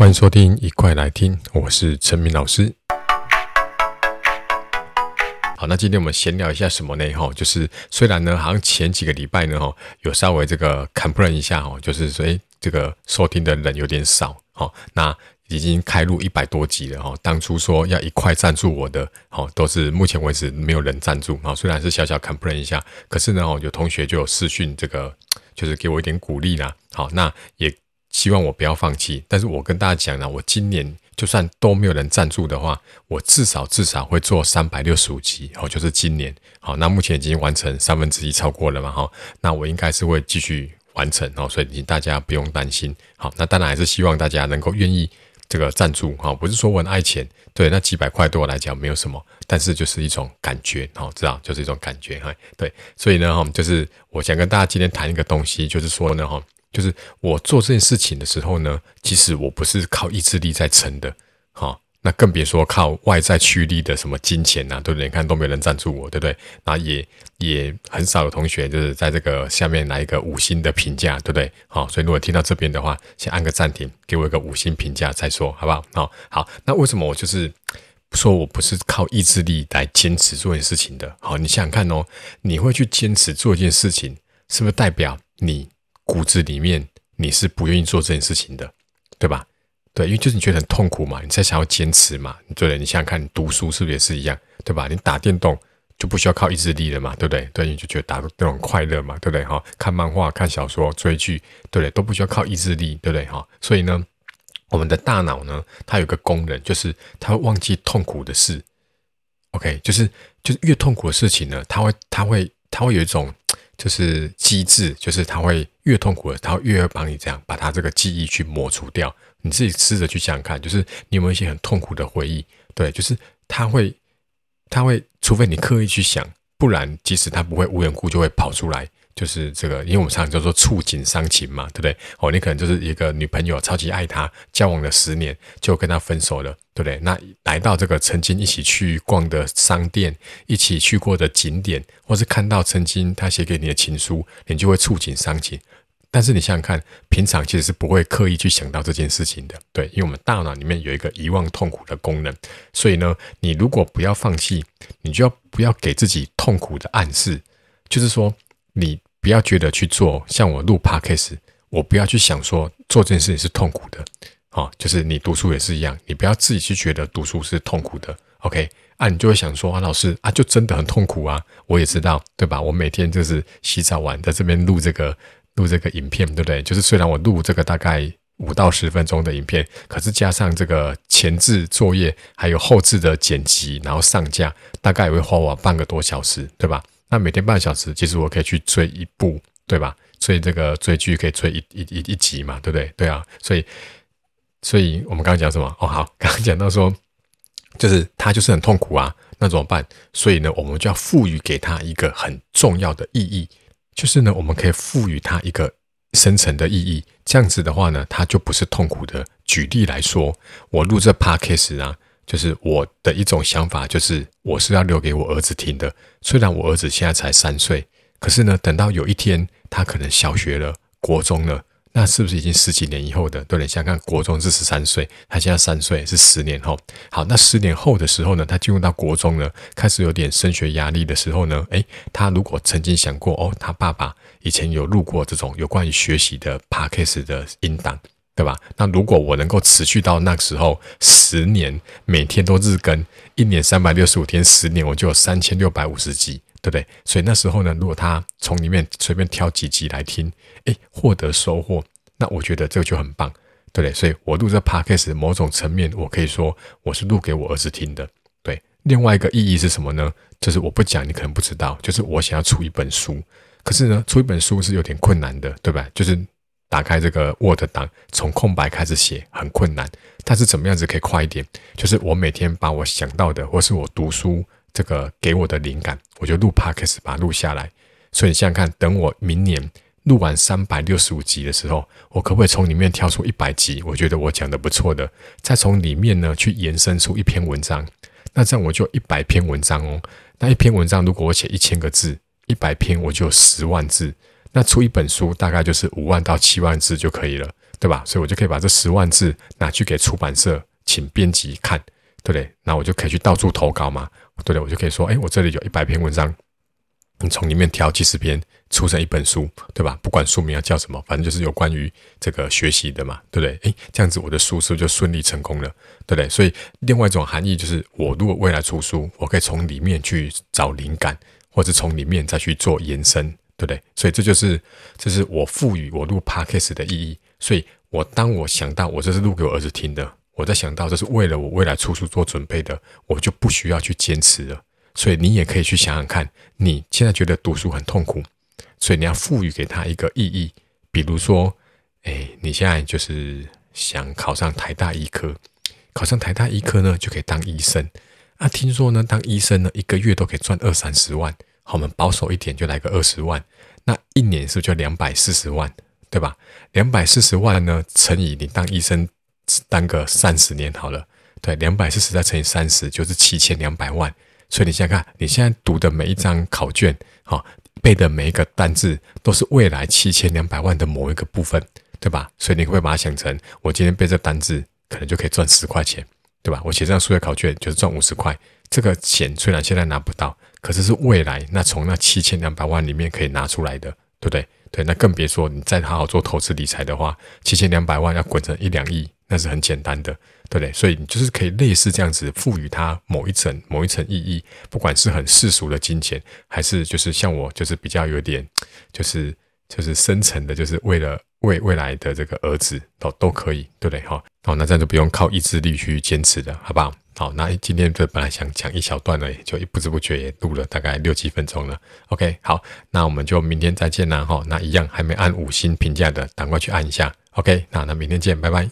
歡迎收聽，一塊來聽，我是陳明老師。好，那今天我們閒聊一下什麼呢？哈、哦，就是雖然呢，好像前幾個禮拜呢，哈、哦，有稍微這個 complain 一下，哈、哦，就是說，哎，這個收聽的人有點少，哈、哦，那已經開錄一百多集了，哈、哦，當初說要一塊贊助我的，哈、哦，都是目前為止沒有人贊助，哈、哦，雖然是小小 complain 一下，可是呢，哦、有同學就有私訊，這個就是給我一點鼓勵啦。好、哦，那也。希望我不要放棄，但是我跟大家講了，我今年就算都沒有人贊助的話，我至少至少會做三百六十五集，好、哦，就是今年，好、哦，那目前已經完成三分之一超過了嘛，哈、哦，那我應該是會繼續完成，哦，所以請大家不用擔心，好、哦，那當然還是希望大家能夠願意這個贊助，哈、哦，不是說我很愛錢，對，那幾百塊對我來講沒有什麼，但是就是一種感覺，好、哦，知道就是一種感覺，嗨，對，所以呢，哈、哦，就是我想跟大家今天談一個東西，就是說呢，哈、哦。就是我做這件事情的時候呢，其實我不是靠意志力在撐的，好，那更別說靠外在驅力的什麼金錢吶，對不對？你看都沒有人贊助我，對不對？那也也很少有同學就是在這個下面來一個五星的評價，對不對？好，所以如果聽到這邊的話，先按個暫停，給我一個五星評價再說，好不好？好，好，那為什麼我就是說我不是靠意志力來堅持做一件事情的？好，你想想看哦，你會去堅持做一件事情，是不是代表你？骨子裡面你是不願意做這件事情的，對吧？對，因為就是你覺得很痛苦嘛，你才想要堅持嘛，對不對？你想想看，讀書是不是也是一樣，對吧？你打電動就不需要靠意志力了嘛，對不對？對，你就覺得打那種快樂嘛，對不對？哈，看漫畫、看小說、追劇，對不對？都不需要靠意志力，對不對？哈，所以呢，我們的大腦呢，它有個功能，就是它會忘記痛苦的事。OK，就是就是越痛苦的事情呢，它會它會它會，它會有一種。就是機制，就是他會越痛苦了，他會越會幫你這樣把他這個記憶去抹除掉。你自己試着去想想看，就是你有沒有一些很痛苦的回憶，對，就是他會，他會，除非你刻意去想，不然即使他不會無緣無故就會跑出來。就是這個，因為我們常常叫做觸景傷情嘛，對不對？哦，你可能就是一個女朋友，超級愛他，交往了十年就跟他分手了，對不對？那來到這個曾經一起去逛的商店，一起去過的景點，或是看到曾經他寫給你的情書，你就會觸景傷情。但是你想想看，平常其實是不會刻意去想到這件事情的，對，因為我們大腦裡面有一個遺忘痛苦的功能，所以呢，你如果不要放棄，你就要不要給自己痛苦的暗示，就是說你。不要覺得去做，像我錄 Podcast，我不要去想說做這件事是痛苦的，哦，就是你讀書也是一樣，你不要自己去覺得讀書是痛苦的，OK？啊，你就會想說啊，哦，老師啊，就真的很痛苦啊，我也知道，對吧？我每天就是洗澡完，在這邊錄這個錄這個影片，對不對？就是雖然我錄這個大概五到十分鐘的影片，可是加上這個前置作業，還有後置的剪輯，然後上架，大概也會花我半個多小時，對吧？那每天半小時，其實我可以去追一部，對吧？所以這個追劇可以追一一一一集嘛，對不對？對啊，所以，所以我們剛剛講什麼？哦，好，剛剛講到說，就是他就是很痛苦啊，那怎麼辦？所以呢，我們就要賦予給他一個很重要的意義，就是呢，我們可以賦予他一個深層的意義，這樣子的話呢，他就不是痛苦的。舉例來說，我錄這 podcast 啊。就是我的一種想法，就是我是要留給我兒子聽的。雖然我兒子現在才三歲，可是呢，等到有一天他可能小學了、國中了，那是不是已經十幾年以後的？對，你想看國中是十三歲，他現在三歲是十年後。好，那十年後的時候呢，他進入到國中呢，開始有點升學壓力的時候呢，誒，他如果曾經想過哦，他爸爸以前有錄過這種有關於學習的 Podcast 的音檔。對吧？那如果我能夠持續到那個時候，十年每天都日更，一年三百六十五天，十年我就有三千六百五十集，對不對？所以那時候呢，如果他從裡面隨便挑幾集來聽，誒，獲得收穫，那我覺得這個就很棒，對不對？所以我錄這 Podcast，某種層面，我可以說我是錄給我兒子聽的。對，另外一個意義是什麼呢？就是我不講，你可能不知道，就是我想要出一本書。可是呢，出一本書是有點困難的，對吧？就是。打開這個 Word 檔，從空白開始寫很困難，但是怎麼樣子可以快一點？就是我每天把我想到的，或是我讀書這個給我的靈感，我就錄 Podcast 把它錄下來。所以你想想看，等我明年錄完三百六十五集的時候，我可不可以從裡面挑出一百集？我覺得我講得不錯的，再從裡面呢去延伸出一篇文章。那這樣我就一百篇文章哦。那一篇文章如果我寫一千個字，一百篇我就有十萬字。那出一本書大概就是五萬到七萬字就可以了，對吧？所以我就可以把這十萬字拿去給出版社，請編輯看，對不對？那我就可以去到處投稿嘛，對不對？我就可以說，哎，我這裡有一百篇文章，你從裡面挑幾十篇，出成一本書，對吧？不管書名要叫什麼，反正就是有關於這個學習的嘛，對不對？哎，這樣子我的書是不是就順利成功了，對不對？所以另外一種含義就是，我如果未來出書，我可以從裡面去找靈感，或者從裡面再去做延伸。對不對？所以這就是，這是我賦予我錄 podcast 的意義。所以，我當我想到我這是錄給我兒子聽的，我在想到這是為了我未來出書做準備的，我就不需要去堅持了。所以，你也可以去想想看，你現在覺得讀書很痛苦，所以你要賦予給他一個意義，比如說，哎，你現在就是想考上台大醫科，考上台大醫科呢，就可以當醫生。啊，聽說呢，當醫生呢，一個月都可以賺二三十萬。好，我們保守一點，就來個二十萬。那一年是不是就兩百四十萬？對吧？兩百四十萬呢，乘以你當醫生當個三十年好了。對，兩百四十再乘以三十就是七千兩百萬。所以你想，想看，你現在讀的每一張考卷，好、哦、背的每一個單字，都是未來七千兩百萬的某一個部分，對吧？所以你會把它想成，我今天背這單字，可能就可以賺十塊錢，對吧？我寫這數學考卷就是賺五十塊。這個錢雖然現在拿不到。可是是未來，那從那七千兩百萬裡面可以拿出來的，對不對？對，那更別說你再好好做投資理財的話，七千兩百萬要滾成一兩億，那是很簡單的，對不對？所以你就是可以類似這樣子賦予它某一層、某一層意義，不管是很世俗的金錢，還是就是像我就是比較有點就是就是深層的，就是為了為未來的這個兒子，都都可以，對不對？好哦，那這樣就不用靠意志力去堅持的好不好？好，那今天這本來想講一小段呢，也就一不知不覺也錄了大概六七分鐘了。OK，好，那我們就明天再見啦！哈，那一樣還沒按五星評價的，趕快去按一下。OK，那那明天見，拜拜。